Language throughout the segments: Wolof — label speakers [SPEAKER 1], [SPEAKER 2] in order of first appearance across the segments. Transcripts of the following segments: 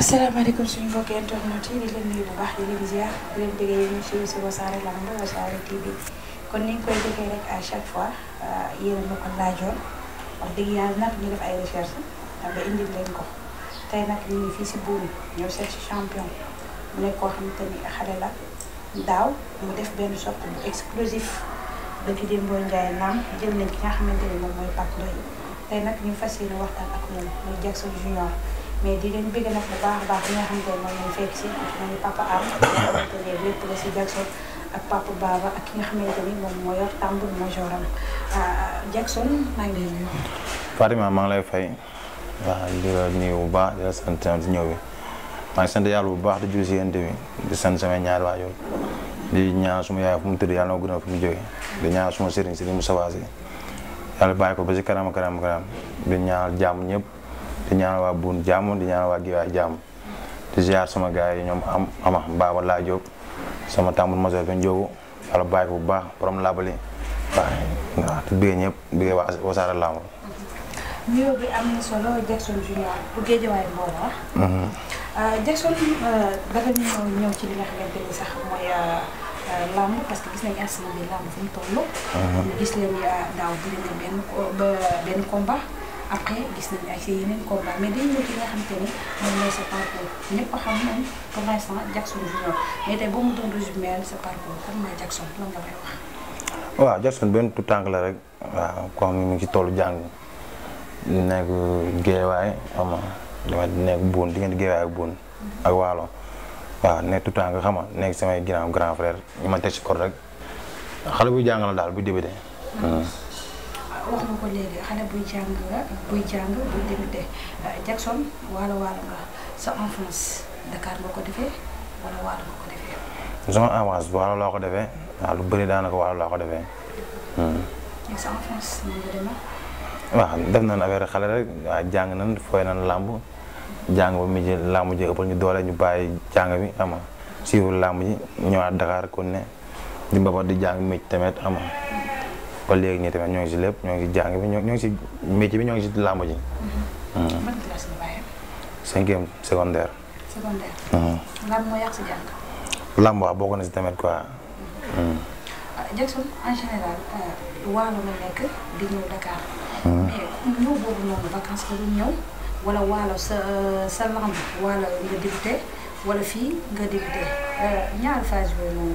[SPEAKER 1] asalaamaaleykum suñu mbokki internet yi di leen nuyu bu baax di leen ziar di leen déggee yéen ñu suñu si Wassare Lamb Wassare TV kon ni ñu koy defee rek à chaque fois euh, yéen ma ko laajoon wax dëgg yàlla nag ñu def ay recherche ba indil leen ko tey nag fii si buuri ñëw seet si champion mu nekk koo mu def benn sorte bu explosif dëkk Demba Ndiaye naam jël nañ ki nga xamante ni moom mooy Pape Ndoye tey nag ñu fas yéene waxtaan ak moom muy Jackson Junior. mais di leen bëgg bu baax maa ngi lay nuyu.
[SPEAKER 2] di bu baax sant di ñëw sant yàlla bu baax di julli si yéen bi di waajur di ñaan suma yaay fu mu tëdd yàlla na ko gën a fu di ñaan suma sëriñ sëriñ Moussa Wassé yàlla bàyyi ko ba si kanam kanam kanam di ñaan jàmm ñëpp. di ñaanal waa buun jàmm di ñaanal waa Giwaay jàmm di ziar sama ama Baba laa jóg sama tàmbul major bi bàyyi ko bu baax borom
[SPEAKER 1] am na solo Jackson Junior bu Géejawaay moo wax mhm. euh, euh, dafa ñëw ñëw ci li nga xamante euh, ñu mhm. gis leen daaw di leen benn ba après gis nañu ay sa yeneen combat mais dañu ñëw ci xam te ni moom Jackson Junior mu Jackson
[SPEAKER 2] waaw Jackson benn tout tànk la rek waaw comme mu ngi ci tollu jàng nekk géewaay xam nga nekk buun diggante géewaay ak buun mhm. ak waalo waaw nekk tout tànk xam nekk samay ginnaaw grand frère ñu ma teg ci kor rek xale bu jàng la daal bu débuté.
[SPEAKER 1] Mhm. Hmm. wax euh, sa enfance Dakar
[SPEAKER 2] nga lu bëri daanaka waalo laa ko defee.
[SPEAKER 1] ak hmm. sa
[SPEAKER 2] def nañ affaire xale rek waaw jàng nañ fooy nañ làmb jàng ba mu ji làmb ji ëppal ñu doole ñu bàyyi jàng bi ama suivre làmb ji ñëwaat Dakar kon ne di mbaba di jàng mécc tamit ama ba léegi nii tamit ñoo ngi si lépp ñoo ngi si jàng bi ñoo ngi si métier bi ñoo ngi si làmb ji. Mm-hmm. Mm-hmm.
[SPEAKER 1] ban la bàyyi.
[SPEAKER 2] cinquième secondaire. secondaire. Mm-hmm. moo yàq si jàng. làmb waaw bokk na si tamit quoi.
[SPEAKER 1] Ah, Jackson en général euh, waalo la nekk di ñëw Dakar. mais ñëw boobu noonu vacances la du ñëw wala waalo sa euh, sa waalo nga débuté wala fii nga débuté euh, ñaari phase yooyu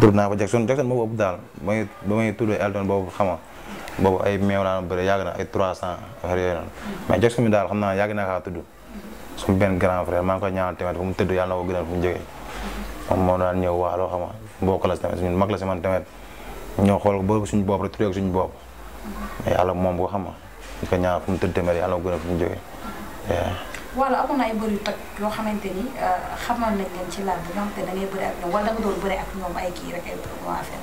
[SPEAKER 2] bëgg naa ko Jackson Jackson moo ëpp daal ba may ba may tudd boobu xama boobu ay meew laa bëri yàgg na ay 300 affaire yooyu noonu mais Jackson mi daal xam naa yàgg naa kaa tudd suñu benn grand frère maa ngi mu tëdd yàlla na ko gënal fu mu moo daan ñëw wax loo xam nga mbokk la si tamit suñu mag la si man ñoo xool ba suñu bopp rek tuddee suñu bopp mais yàlla moom ko xam nga ñu ko ñaanal fu mu tëdd tamit yàlla na ko gënal fu mu jógee
[SPEAKER 1] wala amoon na ay mbër yu toj yoo xamante ni euh, xamal nañ leen ci làmb bi nga xamante ne bëri ak ñoom wala ay kii rek ay bëri affaire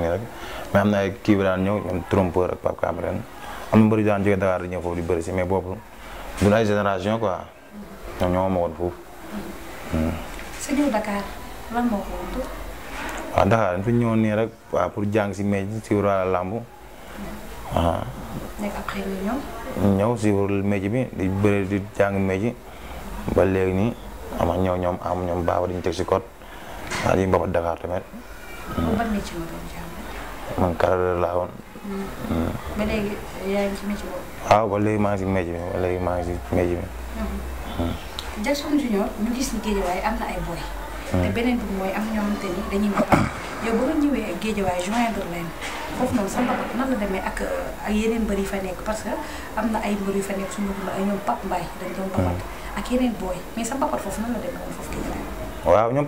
[SPEAKER 2] nii rek mais am na ay kii bi ñoom trompeur ak Pape Cameroun am na mbër daan jógee Dakar di ñëw foofu di bëri si mais boobu du génération quoi ñoom ñoo ma woon foofu hmm.
[SPEAKER 1] sa ñëw Dakar lan moo ko woon
[SPEAKER 2] waaw Dakar fi ñëwoon nii rek waaw pour jàng si métier si wàllu làmb waaw hmm.
[SPEAKER 1] nekk après nga ñëw.
[SPEAKER 2] ñëw suivre métier bi di bëre di jàng métier ba léegi nii am ñoom am ñoom baaba dañu teg si code waaye dañuy bopp Dakar tamit.
[SPEAKER 1] ban métier nga doon jàng.
[SPEAKER 2] man carreleur laa woon. Hmm.
[SPEAKER 1] ba léegi am na ay boy. Hmm. te beneen bi mooy am na ñoo xamante ni dañuy yow ba nga ñëwee géejawaay joindre leen foofu noonu sax nan la demee ak euh, yeneen mbër fa nekk parce que am na ay mbër fa nekk su ma ay ñoom Pape Mbaye dañ doon mbapat hmm. ak yeneen ñoom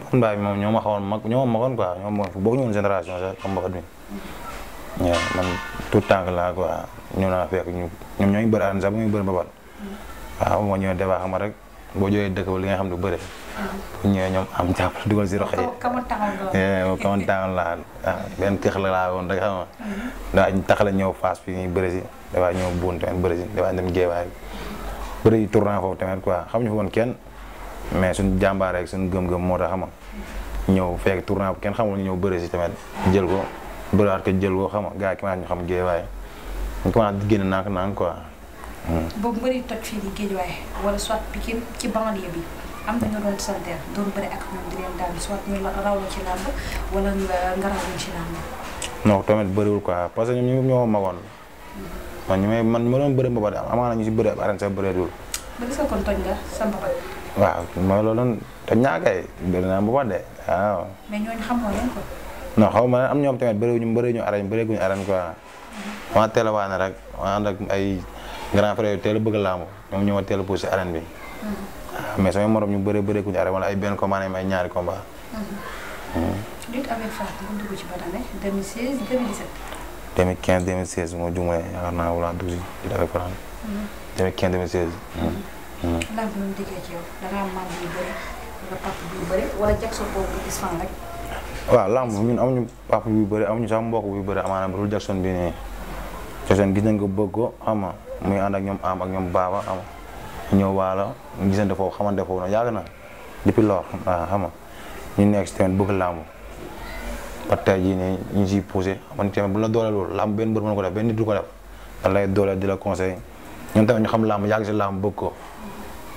[SPEAKER 2] Pape ñoo ma xawoon mag ñoo ma magoon quoi ñoom bokk ñu woon génération sax xam mbapat bi waaw man tout temps la quoi ñoo naa fekk ñu ñoom ñooy bëri aan sax bu ñuy bëri mbapat hmm. waaw rek boo jógee dëkk li nga xam ne du bëri bu ñëwee ñoom am jàppale dugal si roxo yi. kamoon
[SPEAKER 1] taxaw
[SPEAKER 2] laa waaw ah, benn tëx la laa woon rek xam nga. Mm-hmm. daa tax la ñëw fas fi ñuy bëri si dafaa ñëw buun tamit bëri si dafaa dem géewaay bi bëri tournant foofu tamit quoi kenn mais suñu jàmbaar rek suñu gëm moo tax xam nga ñëw fekk tourant bu kenn xamul ñëw bëri si tamit jël ko bëraat ko jël ko xam nga gars yi commencé ñu xam géewaay ñu commencé di génn nànk nànk quoi. Mm.
[SPEAKER 1] boobu mbëri toj fii di géejawaay wala soit Pikine ci banlieue bi am na ñu doon sa der doon
[SPEAKER 2] ñoom parce que ñoom ñoo magoon mm-hmm. man ñu may man ma doon ñu si bëri ab arène sax bëreetul. ba gis xaw ma am ñoom tamit bëriwuñu bëriwuñu arène bëreeguñu arène quoi. Mm-hmm. rek maa ay grand frère yu teel bëgg a laamu ñoom ñoo ma teel a poussé arène bi. Mm-hmm. mais samay morom ñu bëree bëree ku ñu arrêté wala ay benn combat ñaari combat. Mm-hmm.
[SPEAKER 1] lutte avec Fatou mu dugg la ñu
[SPEAKER 2] mm-hmm.
[SPEAKER 1] mm-hmm. dikkee ci yow
[SPEAKER 2] am ñu bu sax mbokk bu bëri amaana bu dul Jackson bi nii. Jackson gis nañ ko bëgg ko xam muy ànd ak ñoom am ak ñoom baaba xam ñëw waalo gisante foofu xamante foofu noonu na depuis lors waaw ñu nekk si tamit bëgg làmb ba jii nii ñu siy poussé bu la doole loolu làmb benn mbër ko def benn nit du ko def da lay xam làmb yàgg si làmb bëgg ko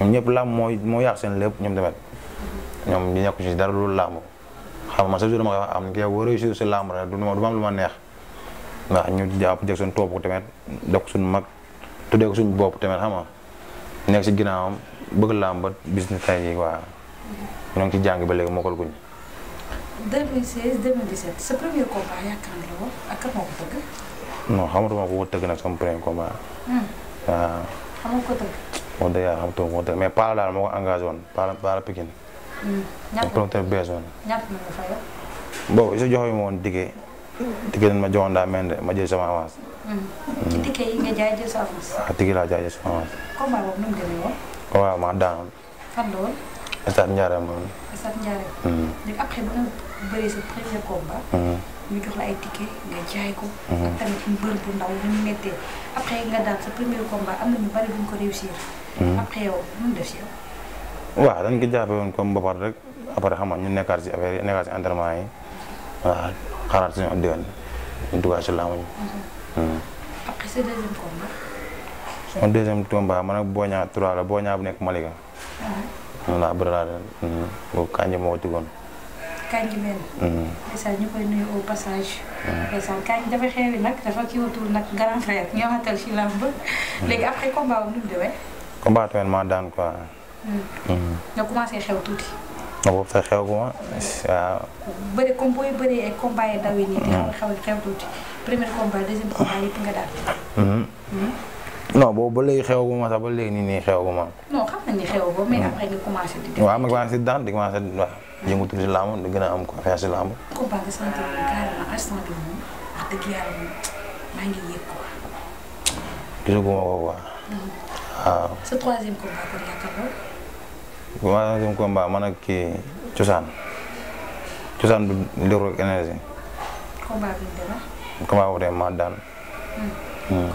[SPEAKER 2] ñoom ñëpp làmb mooy moo yàq seen lépp ñoom tamit ñoom ñu dara loolu xam nga man chaque jour dama koy wax du ma ma ma neex ndax ñu jàpp jeg suñu topp ko tamit def suñu mag tuddee ko suñu bopp tamit xam nekk si ginnaawam bëgg làmb ba bis ni tey jii waaw ñu ngi ci ba léegi mokkal guñ.
[SPEAKER 1] 2016 moo ko tëgg.
[SPEAKER 2] non xamatuma ko tëgg nag sama premier combat. Hmm. Ah.
[SPEAKER 1] waaw.
[SPEAKER 2] xamatuma ko tëgg mais Paa daal moo ko engagé woon Paa Paa Pikine.
[SPEAKER 1] Hmm. ñaata
[SPEAKER 2] promoteur woon.
[SPEAKER 1] ñaata nga fayoo.
[SPEAKER 2] boobu isa ma woon diggee diggee dañ ma joxoon daa mel ne ma jël sama avance.
[SPEAKER 1] ci ticket yi nga jaay jël sa avance. waaw
[SPEAKER 2] ticket laa jaay daanoon. fan la woon. stade Ndiarème woon.
[SPEAKER 1] stade Ndiarème. après ba nga bëree sa premier combat. ñu jox la ay ticket nga jaay ko. ak tamit mbër bu ndaw li mu méttee nga daan sa premier combat am na ñu bari bu ko réussir. après
[SPEAKER 2] dañ ko jàppee woon comme mbapat rek après xam nga ñu nekkaat si affaire yi nekkaat si entraînement yi waaw xaaraat suñu déwén ñu duggaat si laamu après sa deuxième combat. man ak Boña 3 la Boña bu nekk Malika. moom laa bëri laa de mm. boobu Kanji moo tigoon. Kanji benn. Mm.
[SPEAKER 1] ndeysaan ñu koy nuyu au passage. Mm. ndeysaan dafa xeewi nag dafa kii wutul tuuti.
[SPEAKER 2] nga boobu sax xew gu waaw.
[SPEAKER 1] bëri comme booy bëree ay combat yi nii. di xew xew tuuti. premier combat deuxième combat yëpp nga
[SPEAKER 2] mhm. hmm? boobu ba léegi xewaguma sax ba léegi nii nii xewaguma.
[SPEAKER 1] non xam nañ ni xewagoo mais mhm. après nga commencé di def. waaw
[SPEAKER 2] gën am confiance ci mhm. man ak kii cosaan cosaan du liru énergie. comment vraiment daan. kon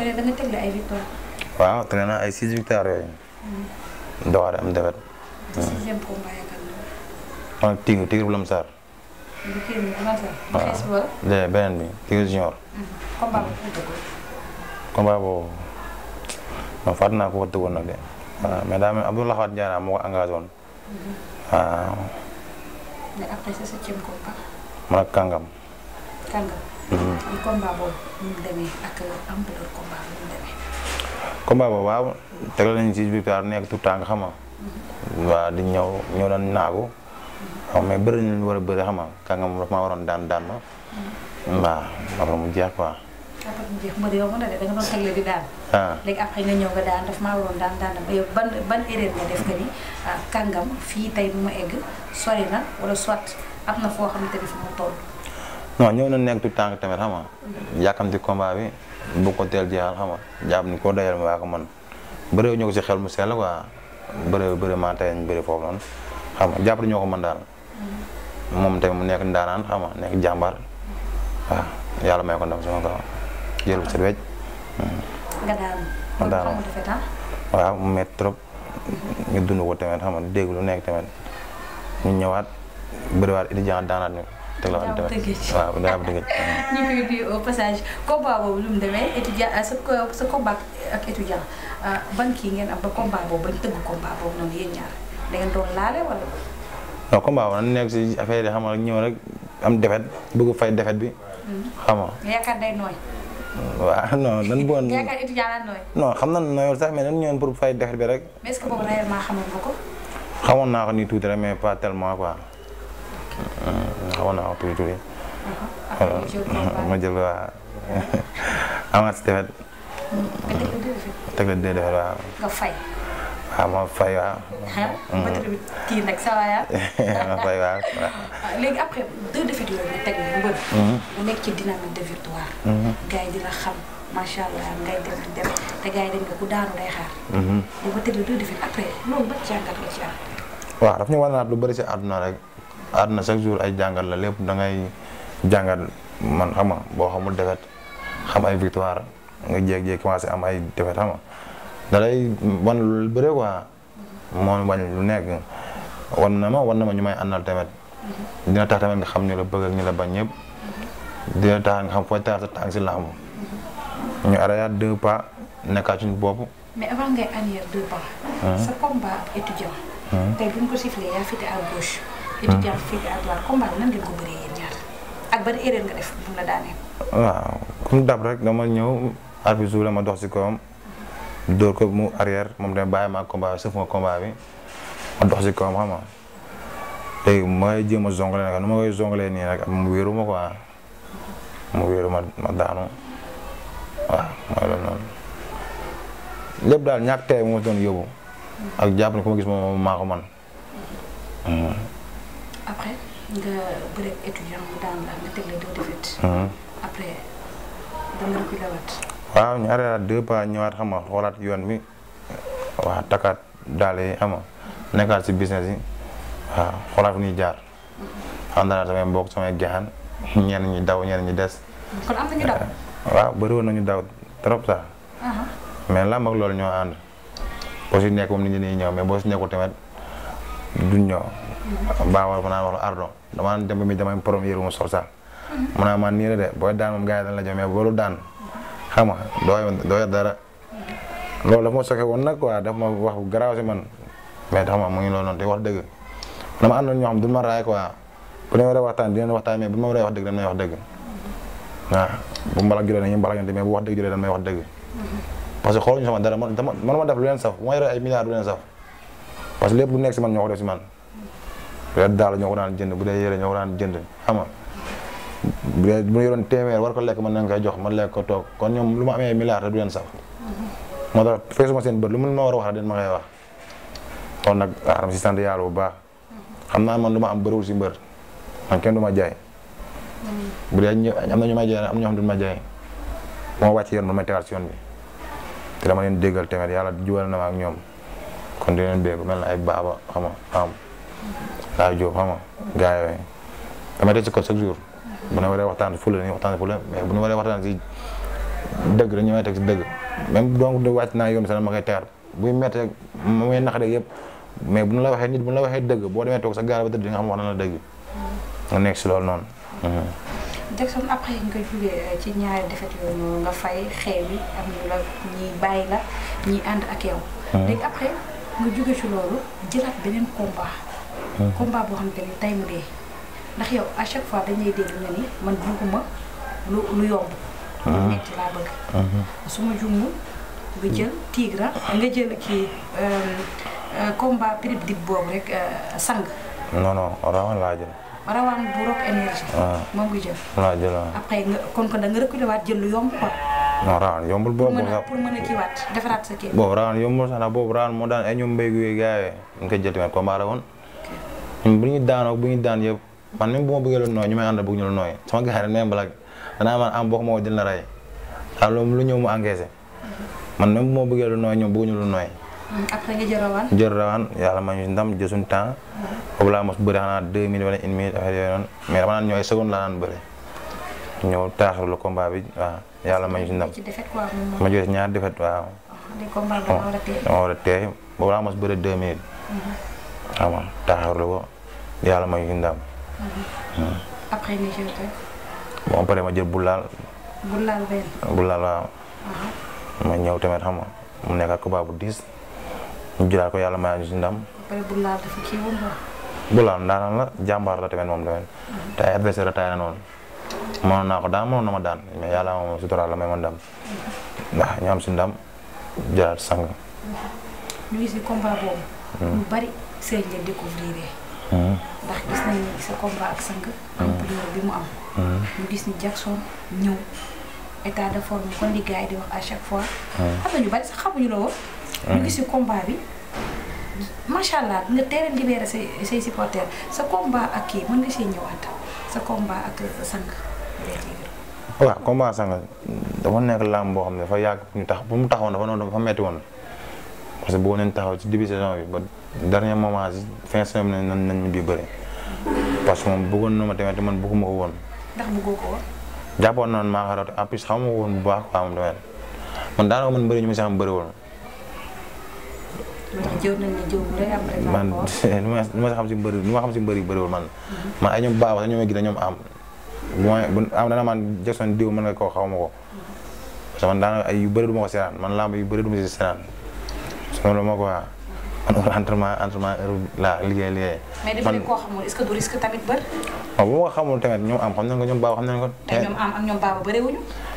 [SPEAKER 2] da waaw teg naa ay six victoire doxaare am defet. sixième combat yaakaar naa. tigre tigre bu lamsaar.
[SPEAKER 1] bi
[SPEAKER 2] waaw beneen junior.
[SPEAKER 1] combat boobu fu
[SPEAKER 2] combat boobu non fa tëggoon nag de waaw mais daa mel Abdoulaye Khawaat Diarra moo ko engagé Kangam. Kangam. ni
[SPEAKER 1] combat boobu ni mu demee ak ampleur combat
[SPEAKER 2] bi ni mu demee. combat boobu waaw tegal nañu ci victoire nekk tout temps nga xam mhm. waa di ñëw ñëw doon naagu. waaw mhm. bëri nañu war a bëri xam nga kànga mhm. ah. maa waroon daan daan ma. daan.
[SPEAKER 1] léegi yow ban ban erreur nga def que ni ah, kàngam fii tey bu ma egg sori na soit am na foo xamante ni fi mu toll.
[SPEAKER 2] non ñëw na nekk tout temps tamit xam nga yàkkamti bi bu ko teel jeexal xam jàpp ni koo dajal ma waa ko man bëree ñoo ko si xel mu sell quoi bëree bëree maa ko mën daal moom mu nekk ndaanaan nekk jàmbaar waaw trop ñu dund ko tamit xam nga dégg lu nekk tamit ñu ñëwaat bëriwaat étudiant daanaat ñu teg la am dëgg waaw dara
[SPEAKER 1] am boobu lu demee étudiant euh, sa euh, sa euh, ngeen am ba combat boobu bañ tëgg combat boobu noonu yéen ñaar da ngeen laale wala.
[SPEAKER 2] non combat nekk si affaire yi xam ñëw rek am defet bëgg fay defet bi. Hmm. xam nga
[SPEAKER 1] yaakaar day nooy. waaw la nooy.
[SPEAKER 2] xam na nooyul sax mais nan ñëwoon pour fay defet bi rek.
[SPEAKER 1] mais est-ce que boobu réellement xamoon nga ko.
[SPEAKER 2] xamoon naa ko nii tuuti rek mais pas tellement quoi. xawoon na euh, waaw. ma fay waaw.
[SPEAKER 1] Mm-hmm. ma
[SPEAKER 2] ma fay waaw. Ah,
[SPEAKER 1] léegi après deux défaites yooyu nga teg bu bëri. Mm-hmm. nekk ci dynamique de victoire. Mm-hmm. gars yi dina xam macha allah ngay dem di dem te gars yi dañ ku daanu day xaar.
[SPEAKER 2] waaw daf ñu war naat lu bëri si àdduna rek. àdduna chaque jour ay jàngal la lépp da ngay jàngal man xam boo xamul defet xam ay victoire nga jéeg-jéeg commencé am ay defet xam nga wan lu bëre quoi moom bañ lu nekk wan na ma wan na ma ñu may àndal tamit dina tax tamit nga xam ñu la bëgg ñu la bañ ñëpp dina tax nga xam fooy taal sa tànk si làmb ñu arrêté deux pas nekkaat suñu ñu ko
[SPEAKER 1] Petit Dia fekk ak bi nan ngeen ko bëree yéen ñaar ak ban erreur nga def bu la daanee.
[SPEAKER 2] waaw comme dab rek dama ñëw arbitre bi la ma dox si kawam dóor ko mu arrière moom tamit bàyyi ma combat bi bi ma dox si kawam xam léegi ma koy nii nag mu wéeru ma quoi mu wéeru ma daanu lépp daal ñàkk tey moo doon yóbbu ak jàpp ne ku ma gis moom maa ko man hmm.
[SPEAKER 1] après nga bëreeg hmm.
[SPEAKER 2] waaw ñu arrêté waat ñëwaat xam xoolaat yoon mi waa takkaat daal yi xam nekkaat si business yi waaw xoolaat fu ñuy jaar. Hmm. xam naa samay mbokk samay gaxan ñenn ñi daw ñenn ñi des. kon am eh, waaw bëri woon nañu daw trop sax. Uh-huh. mais làmb loolu ñoo ànd. boo si nekk moom nit ñi dañuy ñëw mais boo si nekkul tamit duñ ñëw. baawar ma naa wax ardo damaa dem ba mi damay premier mu sol sax mm-hmm. mu naa man nii la de booy daan moom gars yi dañ la jomee boolu daan xam nga dara mm-hmm. loolu dafa ma soke woon nag quoi dafa ma wax garaaw si man mais tax ma mu ngi loolu noonu dëgg dama am ñoo xam duñ ma raay quoi bu ñu war a waxtaan dinañ waxtaan a wax dëgg dañ may wax dëgg mm-hmm. waaw bu mbalax juree dañuy wax dëgg juree dañ may wax dëgg parce que xooluñu sama dara man man ma def lu leen saf bu ma ay milliards du leen saf parce lépp nekk si man ñoo ko def si man ret daal ñoo ko jënd bu dee yére ñoo ko daan jënd xam nga bu dee bu yoroon war lekk mën nañ koy jox man lekk ko toog kon ñoom lu ma amee milliard du leen saf
[SPEAKER 3] mhm.
[SPEAKER 2] moo tax feesuma seen lu mun ma war a wax rek den ma wax kon nag ah, si sant yàlla bu baax mhm. xam naa man lu ma am bëriwul si mbër du ma jaay mhm. bu dee am na ñu may jaay am ñoo xam du ma jaay bu ma wàcc yoon ma tegaat si yoon bi te dama leen déggal tamit yàlla juwal na ma ak ñoom kon di leen bégg mel na ay baaba xam am Paa Diop xam nga yooyu dama des ci kaw chaque jour bu ñu waree waxtaan fula dañuy waxtaan fula mais bu ñu waree waxtaan si dëgg dañu may teg si dëgg même donc wàcc naa yoon sax ma koy tegar buy métti rek ma may nax yëpp mais bu ñu la waxee nit bu la waxee dëgg boo demee sa gaar ba tëdd di nga xam nekk si loolu noonu. Mhm.
[SPEAKER 1] Jackson après nga jugee euh, ci ñaari défaite yooyu nga fay xeew am ñu la ñuy bàyyi la ñuy ànd ak yow. Mhm. nga jugee ci loolu jëlaat beneen combat. Euh. combat boo xamante ni tay mu ndax yow à chaque fois dañuy dégg nga ni man bugguma lu yomb. Ah. lu metti laa ah. jël tigre jël kii euh, euh, combat période dib boobu rek sang.
[SPEAKER 2] non non ah.
[SPEAKER 1] après kon kon da nga waat jël lu yomb quoi.
[SPEAKER 2] non rawaan yombul boobu. mën a pour
[SPEAKER 1] mën a kiiwaat defaraat sa kii. boobu
[SPEAKER 2] rawaan yombul sax na boobu rawaan moo daan ay ñoom mbéy mi gars nga jël tamit combat rawoon. ñun bu ñu daanoo bu ñu daan yëpp man même bu ma bëggee loolu nooy ñu may àndal bëgg ñu loolu nooy sama gars yi dañ danaa man am boo ma dina la rey daal lu ñëw mu encaissé man même bu ma bëggee loolu nooy ñoom jël rawaan. yàlla ma ñu ndam jël suñu temps boobu laa mos bëri xanaa deux minutes wala une minute affaire yooyu noonu mais dama yàlla ma ñu si ndam. ma Tamam taxaarlu ko yàlla may ñu ndam.
[SPEAKER 1] Mm-hmm. après nga jël ma jël bulaal. bulaal benn. bulaal
[SPEAKER 2] waaw. Uh-huh. ma ñëw tamit xam mu nekk ak combat bu diis ñu jëlaat ko yàlla may ñu si ndam.
[SPEAKER 1] ba pare bulaal
[SPEAKER 2] dafa la jàmbaar la tamit moom tamit. Mm-hmm. te adversaire la taay na noonu. mënoon naa ko daan moo na ma daan mais yàlla moom suturaal la may ma ndam. ndax mm-hmm. ñu si ndam jëlaat sang.
[SPEAKER 1] ñu gis ni combat boobu. Hmm. ñu bari sëriñ la découvrir. ndax ak sang. Hmm. ampleur bi mu am. Hmm. ñu gis ni Jackson ñëw état de forme di wax à chaque fois. am na ñu bari sax xamuñu la ñu gis ni combat bi. macha allah nga teel a say say supporters sa combat ak kii mën nga see ñëwaat sa combat ak sang.
[SPEAKER 2] waaw combat sang dafa nekk làmb boo xam ne dafa yàgg ñu tax bu mu taxawoon dafa noonu dafa metti woon. parce que boo leen taxaw ci début saison bi ba dernier moment fin saison bi nañ nañ ñu parce que moom na ma tamit man bëgguma ko na maa ko rawat en plus woon bu baax quoi moom tamit man daanaka man bëri ñu ma si xam bëri
[SPEAKER 1] am man
[SPEAKER 2] nu ma ma xam si mbëri nu ma xam si mbëri bëriwul man. ay ñoom baax sax ñoom it gis ñoom am. bu am dana man Jackson diw mën nga koo xaw ma ko. parce que man daanaka ay yu bëri du ko seetaan man lamb yu bëri du si seetaan moom la ma ko waa amoon entraînement koo
[SPEAKER 1] xamul ma
[SPEAKER 2] ko xamul tamit ñoom am xam nañ ko ñoom baaw nañ ko.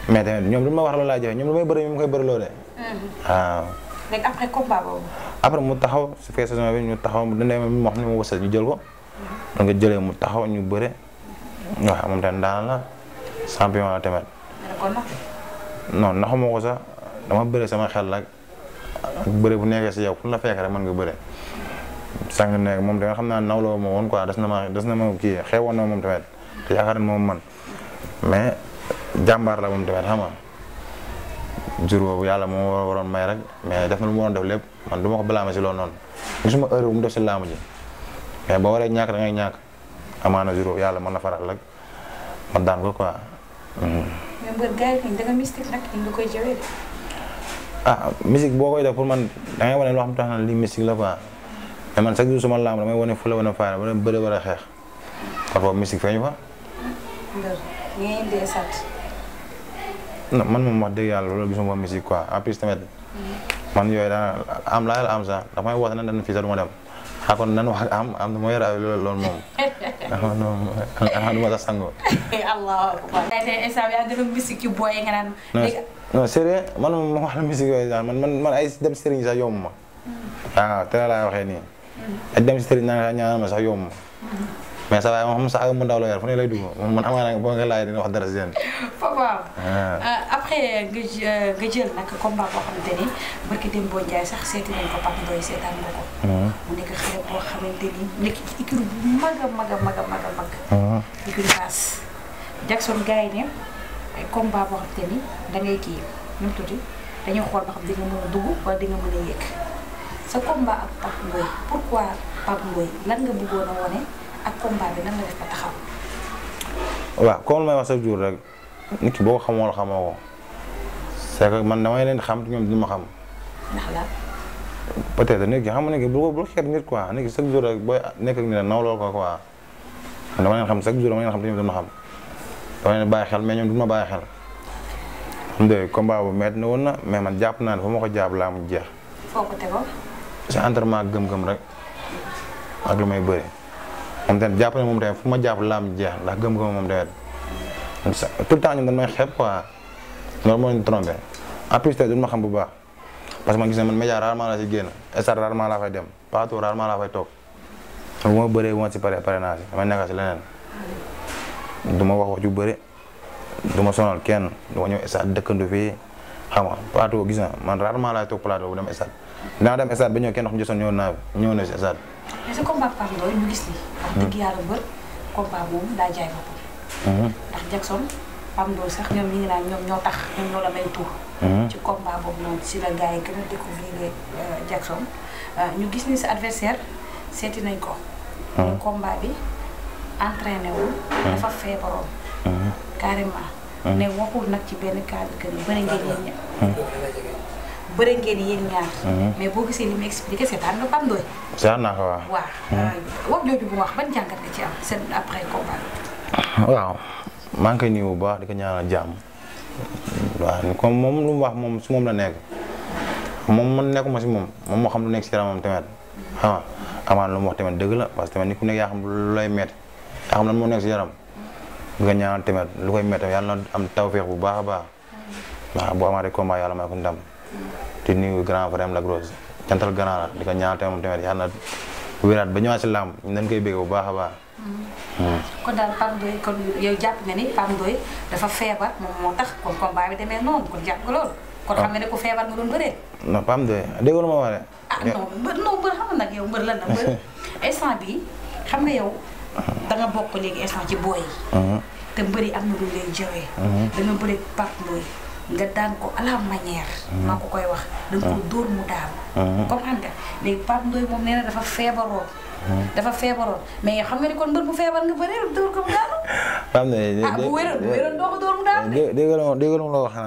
[SPEAKER 2] mais tamit ñoom li ma wax loolu laa jafe ñoom lu may bëri ñu koy bëri de. Mm-hmm. waaw. après mu taxaw su fekkee saison bi ñu taxaw mu dundee mu wax ni mu wësal ñu jël ko. Mm-hmm. donc jëlee mu taxaw ñu bare mm-hmm. waaw moom tamit daan la champion la tamit. non naxuma ko sax dama bëri sama xel rek ak bëre bu nekkee si yow ku la fekk rek mën nga bëre sàng nekk moom da xam naa nawloo ma woon quoi des na ma des na ma kii xewoon na moom tamit te yaakaar moom man mais jàmbaar la moom tamit xam nga jur boobu yàlla moom waroon may rek mais def na lu mu waroon def lépp man du ma ko blâmer si loolu noonu gisuma heure bu mu def si laamu ji mais boo waree ñàkk da ngay ñàkk amaana jur boobu yàlla mën na faral rek man daan ko quoi. ah musique boo koy def pour man da ngay wane loo xam tax na li musique la quoi mais man chaque jour suma laam damay la wane faara ba dem bëre a xeex par rapport musique feeñu fa. non man moom dëgg yàlla loolu gisuma musique quoi en plus tamit mm-hmm. man yooyu daan am laa am sax dafa may woote nan dañ fii sax du ma dem ah kon nan wax ak am am mooy raw loolu loolu moom
[SPEAKER 1] ah
[SPEAKER 2] non ah du sax sangoo. non sérieux man wax la musique man ay dem sëriñ sax yomb ma. waaw ah, te la laay waxee ay dem sëriñ naa ñaanal ma sax yomb ma. mais sa waaye moom sax mu ndaw la yor fu ne lay dugg man amaana boo nga laaj dina wax dara si yéen. papa ah. euh,
[SPEAKER 1] après nga Jackson gars ne. ay combat boo xam te ni da ngay kii mu tudd dañuy xool ba xam di nga mën a yëg sa combat ak Pape Ndoye pourquoi Pape Ndoye lan nga bëggoon a wone ak combat bi lan def wax
[SPEAKER 2] chaque jour rek nit ki ko xamoo ko c'est que man leen xam te ñoom duñu ma xam. ndax la. peut xam nga ne bu bu xeeb nit quoi nit ki chaque jour rek booy nekk ak nit la nawloo ko quoi dama leen xam chaque jour dama leen xam te ñoom duñu ma xam. dama leen bàyyi xel mais ñoom du ma bàyyi xel xam nga combat bu métti na woon na mais man jàpp naa ne fa ma ko jàpp laa mu jeex. foo rek ak lu may jàpp na moom tamit fu ma jàpp laa mu jeex ndax gëm-gëm moom tamit tout le temps ñun dañu may xeeb quoi loolu moo leen trompé en plus tey duñu ma xam bu baax parce que man gis na man média rarement laa si génn star rarement laa fay dem partout rarement laa fay toog bu ma bëree bu ci si pare pare naa si damay nekk si leneen. du ma wax wax ju bëre du ma sonal kenn du ñëw stade dëkkandu fii xam nga plateau man rarement laay toog plateau bu dem stade dinaa dem stade ba ñëw kenn wax ñu
[SPEAKER 1] gis hmm. hmm. ñoo tax ñoom ñoo la may hmm. euh, euh, ni sa adversaire seeti nañ ko. combat bi. entraîné wu. Ah. dafa feebaroon. Ah. carrément. ne ah. waxul nag ci benn cas bi bëri ngeen yéen ñaar. bëri ngeen yéen ñaar. mais boo gisee li mu expliqué seetaan nga Pape Ndoye.
[SPEAKER 2] seetaan naa ko waaw. waaw wax koy nuyu bu baax di ko ñaanal jàmm. waaw comme moom lu mu wax moom su moom la nekk moom man nekkuma si moom moom moo xam lu nekk si yaramam tamit xam nga amaan lu mu wax tamit dëgg la parce que tamit ni ku nekk yaa xam lu lay metti nga xam lan moo nekk si yaram nga ñaanal tamit lu koy métti yàlla na am tawféex bu baax a baax waaw bu amaatee combat yàlla may a ndam di nuyu grand frère la grosse jantal grand la di ko ñaanal na wéraat ba bu baax a baax. Mm-hmm.
[SPEAKER 1] jàpp nga ni dafa feebar moom moo tax kon combat bi demee noonu kon jàpp nga loolu. kon xam nga ne ku feebar nga doon bëree.
[SPEAKER 2] non Pape Ndoye déggoo ma wax de. ah non
[SPEAKER 1] non mbër xam nga nag yow mbër lan la mbër instant bii xam nga yow. da bokk léegi instant ci booy yi. Uh-huh. te mbëri am na lu lay jawee. Uh-huh. da nga bëri Pape nga daan ko à la manière. Uh-huh. ko koy wax da ko dóor mu daanu. comme xam nga dafa feebaroon. dafa feebaroon mais xam nga ni kon mbër bu feebar nga bëree dóor ko mu daanu.
[SPEAKER 2] xam nga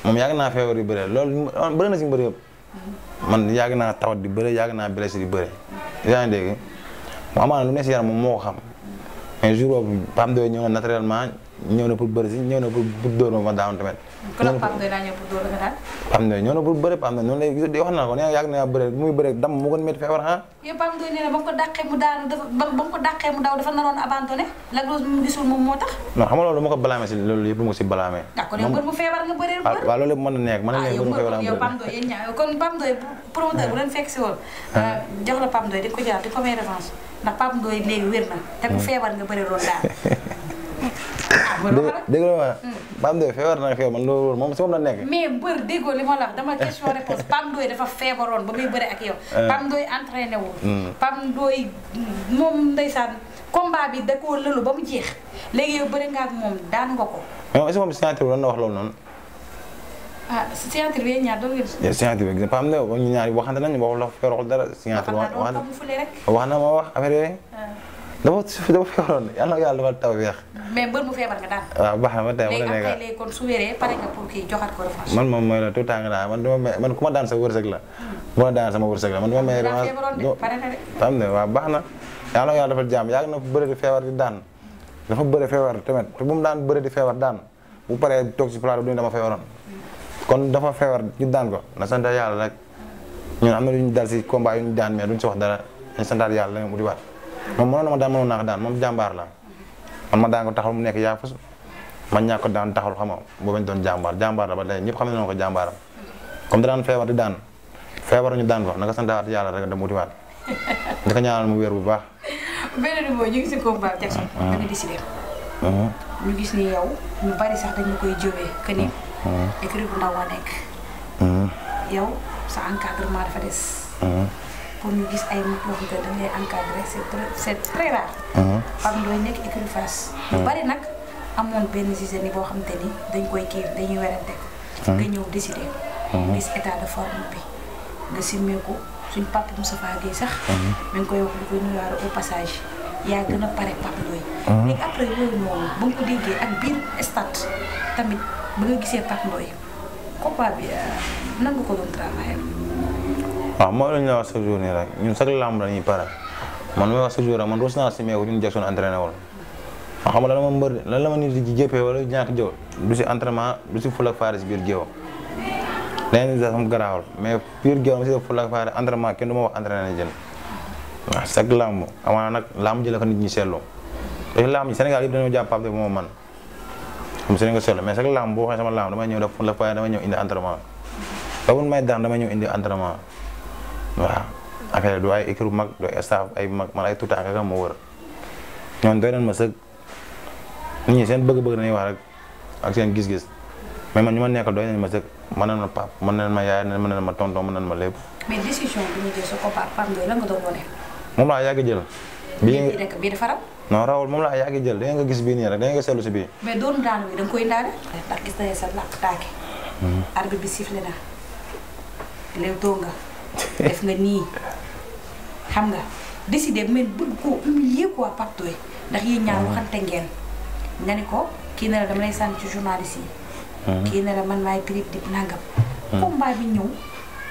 [SPEAKER 2] ah bu naa feebar yu bëre loolu bëri na si mbër yëpp. Hmm. man yàgg naa tawat di bëre yàgg naa blessé di bëre yaa ngi dégg. mu amaana lu ne si yaram moom moo ko xam mais jour boobu Pape Ndoye ñëw na naturellement ñëw na pour bëri si ñëw na pour pour dóor ma ma daanu tamit. ku la Pape
[SPEAKER 1] Ndoye daa ñëw pour dóor la nga daan.
[SPEAKER 2] Pape Ndoye ñëw na pour bëri Pape Ndoye noonu lay gis wax na ko nee yàgg naa bëri muy bëri dam mu gën métti feebar ah.
[SPEAKER 1] yow Pape Ndoye nee na ba mu ko dàqee mu daanu dafa ba mu ko dàqee mu daw dafa naroon abandonné la loolu mu gisul moom moo tax.
[SPEAKER 2] non xam nga loolu lu ma ko balaamee si loolu yëpp mu si balaamee. d'accord yow mbër
[SPEAKER 1] mu feebar nga bëree ah, mbër.
[SPEAKER 2] waaw loolu yëpp mën na nekk mën na ah, nekk mbër mu feebar yow Pape
[SPEAKER 1] Ndoye yéen ñaar kon Pape Ndoye promoteur bu leen fekk si woon ah. euh, jox la Pape Ndoye di ko jaar di ko may revanche ndax Pape Ndoye léegi wér na te ku hmm. feebar nga bëri loolu
[SPEAKER 2] daal. dégg nga wax hmm. Pape Ndoye feebar na feebar man loolu moom si moom la nekk.
[SPEAKER 1] mais bër déggoo li ma la dama question réponse Pape Ndoye dafa feebaroon ba muy bëri ak yow. Hmm. Pape Ndoye entraîné wul. Pape Ndoye moom ndeysaan combat bi da koo ba mu jeex léegi yow bëri nga ak moom daan nga ko.
[SPEAKER 2] mais est moom si ñaata bi doon na wax loolu noonu.
[SPEAKER 1] ah si scientifique yéen ñaar doog yéen.
[SPEAKER 2] scientifique xam nga ñu ñaar waxante nañu waxul la feroxul dara. na ma wax affaire yooyu. Ah. dafa yàlla yàlla taw weex.
[SPEAKER 1] mais mbër mu feebar nga
[SPEAKER 2] daal. waaw baax ma la nekk
[SPEAKER 1] kon su wéree pare nga pour kii ko revanche.
[SPEAKER 2] man moom mooy la tout temps nga man dama ma ma daan hmm. ne waaw baax na. yàlla yàlla dafa jàmm yàgg na bëre di feebar di daan dafa bëre feebar tamit te bu mu daan bëre di feebar daan bu pare toog si plateau bi dama feebaroon kon dafa feebar ñu daan ko na sant yàlla nag ñun am na lu ñu dal si combat yu ñu daan mais duñ si wax dara dañ santaat yàlla la ñu utiwaat moom mënoon daan mënoon naa daan moom jàmbaar la man ma daan ko taxaw mu nekk yaa fas man ñàkk daan taxaw xam nga boobu ñu jàmbaar jàmbaar la ba tey ñëpp xam nañu ko jàmbaaram comme daan feebar di daan feebar ñu daan ko na yàlla rek dem utiwaat di ko ñaanal mu wér bu baax.
[SPEAKER 1] beneen ah. mhm. bari sax dañu koy jëwee que ni. Mm. écrit bu ndaw a nekk. yow sa ma dafa des. pour ñu gis ay nit yoo xam ne dañ lay encadré très c' est très nekk écrit face. lu bari nag amoon benn saison boo xam te ni dañ koy kii dañuy werante ko. nga ñëw décider. gis état de forme bi nga simmeeku suñ Pape Moustapha Guèye sax. mu ngi koy wax lu koy nuyuwaale au passage. yaa gën a pare Pape Ndoye. ba nga déggee ak biir stade tamit. bi nga gisee Pape Ndoye combat bi euh, nan nga ko doon travailler.
[SPEAKER 2] waaw mooy lu ñu la wax chaque jour nii rek la ñuy pare man mi wax chaque jour rek man rus naa simeeku ñun Jackson entraîné woon. ma xam lan la ma mbër lan la ma nit di jëppee wala ñàkk jëw du si entraînement du si ful ak biir géewam leneen li mais biir géewam si ful ak faare entraînement kenn du ma wax entraîné jël waaw chaque lamb amaana nag lamb ji la ko nit ñi jàpp Pape moom man moom si la nga soxla mais sax làmb boo xoolee sama làmb damay ñëw def la poids damay ñëw damay ñëw indi entraînement waaw ay équipe mag du ay staff ay mag man ma wër ñoom ñi seen bëgg-bëgg dañuy wax rek ak seen gis-gis mais man ñu ma nekkal ma sëg mën nañ ma pap mën nañ ma yaay mën ma tonton mën nañ ma lépp. ko pap pap moom laa yàgg jël. bii bii non rawul moom laa yàgg jël da nga gis bii nii rek da nga seetlu si bii.
[SPEAKER 1] mais doon daan bi da koy ndaale. ndax gis nañu sa làkk taake. Hmm. arbitre bi sifflé na. léewtoo nga. def nga nii xam nga décidé mais bëgg koo humilier quoi Pape Ndoye ndax yéen ñaar hmm. waxante ngeen. nga ni ko kii na la dama lay sànni ci journaliste yi. Hmm. kii na la man maay trip dip nangam. combat bi ñëw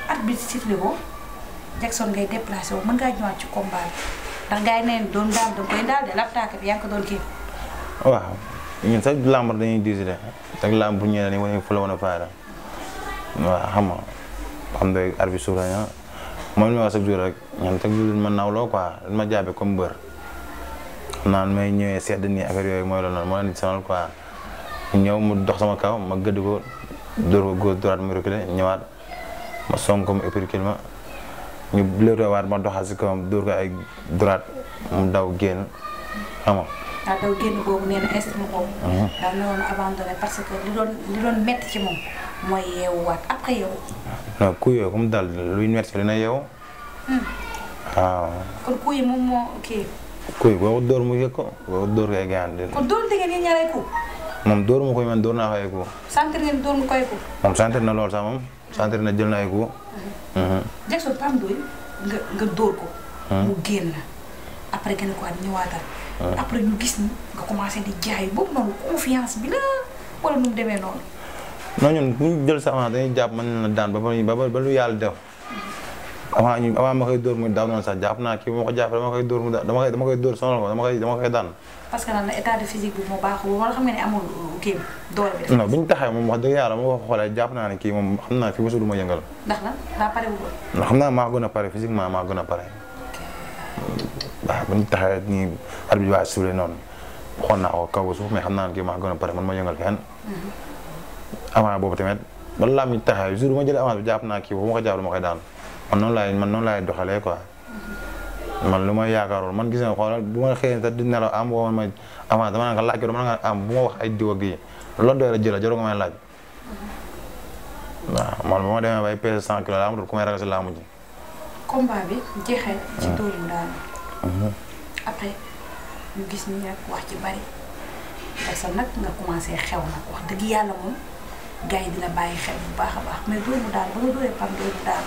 [SPEAKER 1] arbitre sifflé ko Jackson ngay déplacé wu mën ngaa ñëwaat ci combat ndax gars yi nee nañ doon daam koy daal de laptaaka bi yaa doon kii.
[SPEAKER 2] waaw ñun sax làmb dañuy désiré sax làmb bu ñu nee dañuy wane fu xam nga xam nga arbitre suuf la moom la wax chaque jour rek ñun chaque jour ma nawloo quoi dañ ma jàppee comme mbër xam may ñëwee sedd nii affaire yooyu mooy loolu noonu moo leen di sonal quoi ñëw mu dox sama kaw ma gëdd ko dóor ko góor droite mu reculé ñëwaat ma song ko mu épercule ñu léetoo waat ma doxal si kawam dóor ko ay droite mu daw génn xam nga.
[SPEAKER 1] daw génn boobu nee na instant mhm. daal la doon abandonné ci moom mooy yeewuwaat après yow.
[SPEAKER 2] non ku yooyu comme daal luy métti dina yeewu.
[SPEAKER 1] Hmm. kon kuy moom moo kii.
[SPEAKER 2] kuy boo mu yëg ko boo ko dóor koy gàncax. kon
[SPEAKER 1] dóor dëgg ngeen
[SPEAKER 2] moom dóor mu koy man dóor naa koy ku.
[SPEAKER 1] sant ngeen dóor mu koy ku.
[SPEAKER 2] moom sant na lool sax moom. centre na jël na ay ko. Mhm.
[SPEAKER 1] Jackson PAM doy nga nga dóor ko. Mhm. mu génn après gën ko at ñëwaatal. Mhm. après ñu gis ni nga commencé di jaay boobu noonu confiance bi la wala nu demee noonu.
[SPEAKER 2] non ñu jël sama dañuy jàpp mën na daan ba ba lu yàlla def. avant ñu avant ma koy dóor muy daaw noonu sax jàpp naa kii bu koy dóor mu dama ko dama koy dama koy daan.
[SPEAKER 1] parce que naan état de physique bi euh,
[SPEAKER 2] moom wax dëgg yàlla ma ko jàpp naa ne kii moom xam naa fi mosul ma yëngal. ndax naa maa gën a pare physiquement maa gën a ñu taxee nii arbitre bi waa suulee noonu xool naa ko kaw ba suuf mais xam naa ne kii maa gën a pare man ma yëngal fenn. Mhm. avant boobu tamit balaa mi taxee jour ma jëlee avance bi jàpp naa kii boobu ma ko jàpp dama koy daan man noonu laay man noonu laay doxalee ko man lu ma yaakaaroon man gis nga xoolal bu ma xëyee sax di nelaw am woo ma avant dama nga laaj ko dama nga am bu ma wax ay man bu ma demee bay peese cent kilos la amatul ku may ragal si laamu ji.
[SPEAKER 1] combat bi jeexee ci tool hmm. yi daal. Hmm. après ñu gis ñu nag wax ci bari parce que nag nga commencé xew nag wax dëgg yàlla moom gars dina bàyyi xel bu baax a baax mais doomu daal ba nga dooree par doomu daal.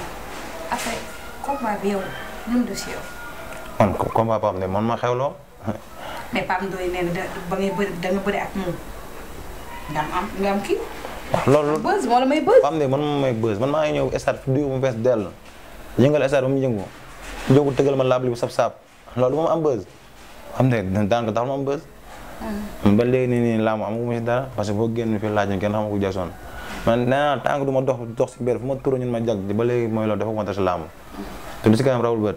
[SPEAKER 1] après du si yow.
[SPEAKER 2] man combat boo xam ne man ma xewloo.
[SPEAKER 1] na ba ngay bëri
[SPEAKER 2] loolu buzz ma may buzz man maa ngi ñëw stade fi du mu fees dell yëngal stade ba mu yëngu jógu tëggal ma laabli bu sab saab loolu moom am buzz. Pape Ndoye daanaka tax ma am buzz. Hmm. ba léegi nii nii laa mu amaguma si dara parce que boo génn fii laaj ñu kenn xamagu Jackson man naa tànk du ma dox dox si mbir fu ma turó ñun ma jag ba léegi mooy loolu dafa monta si làmb te du si kanam rawul
[SPEAKER 3] bët